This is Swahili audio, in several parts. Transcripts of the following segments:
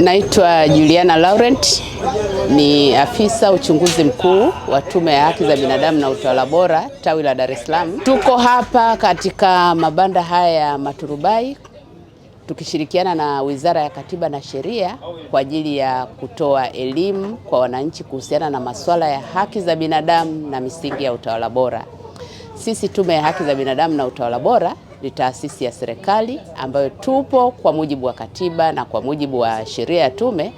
Naitwa Juliana Laurent, ni afisa uchunguzi mkuu wa Tume ya Haki za Binadamu na Utawala Bora tawi la Dar es Salaam. Tuko hapa katika mabanda haya ya maturubai tukishirikiana na Wizara ya Katiba na Sheria kwa ajili ya kutoa elimu kwa wananchi kuhusiana na masuala ya haki za binadamu na misingi ya utawala bora. Sisi Tume ya Haki za Binadamu na Utawala Bora ni taasisi ya serikali ambayo tupo kwa mujibu wa katiba na kwa mujibu wa sheria ya tume,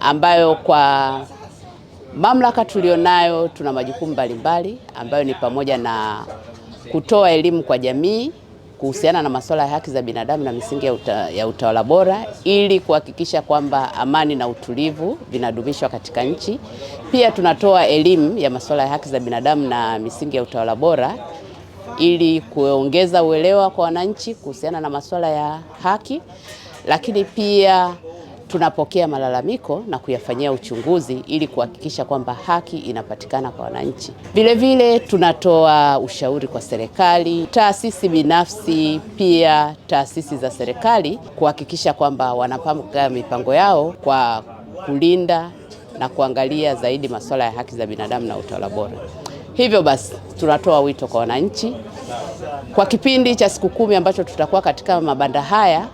ambayo kwa mamlaka tulionayo tuna majukumu mbalimbali ambayo ni pamoja na kutoa elimu kwa jamii kuhusiana na masuala ya haki za binadamu na misingi ya, uta, ya utawala bora ili kuhakikisha kwamba amani na utulivu vinadumishwa katika nchi. Pia tunatoa elimu ya masuala ya haki za binadamu na misingi ya utawala bora ili kuongeza uelewa kwa wananchi kuhusiana na masuala ya haki, lakini pia tunapokea malalamiko na kuyafanyia uchunguzi ili kuhakikisha kwamba haki inapatikana kwa wananchi. Vilevile tunatoa ushauri kwa serikali, taasisi binafsi, pia taasisi za serikali kuhakikisha kwamba wanapanga mipango yao kwa kulinda na kuangalia zaidi masuala ya haki za binadamu na utawala bora. Hivyo basi tunatoa wito kwa wananchi kwa kipindi cha siku kumi ambacho tutakuwa katika mabanda haya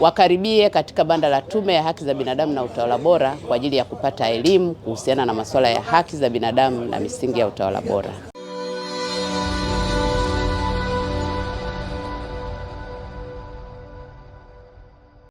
wakaribie katika banda la Tume ya Haki za Binadamu na Utawala Bora kwa ajili ya kupata elimu kuhusiana na masuala ya haki za binadamu na misingi ya utawala bora.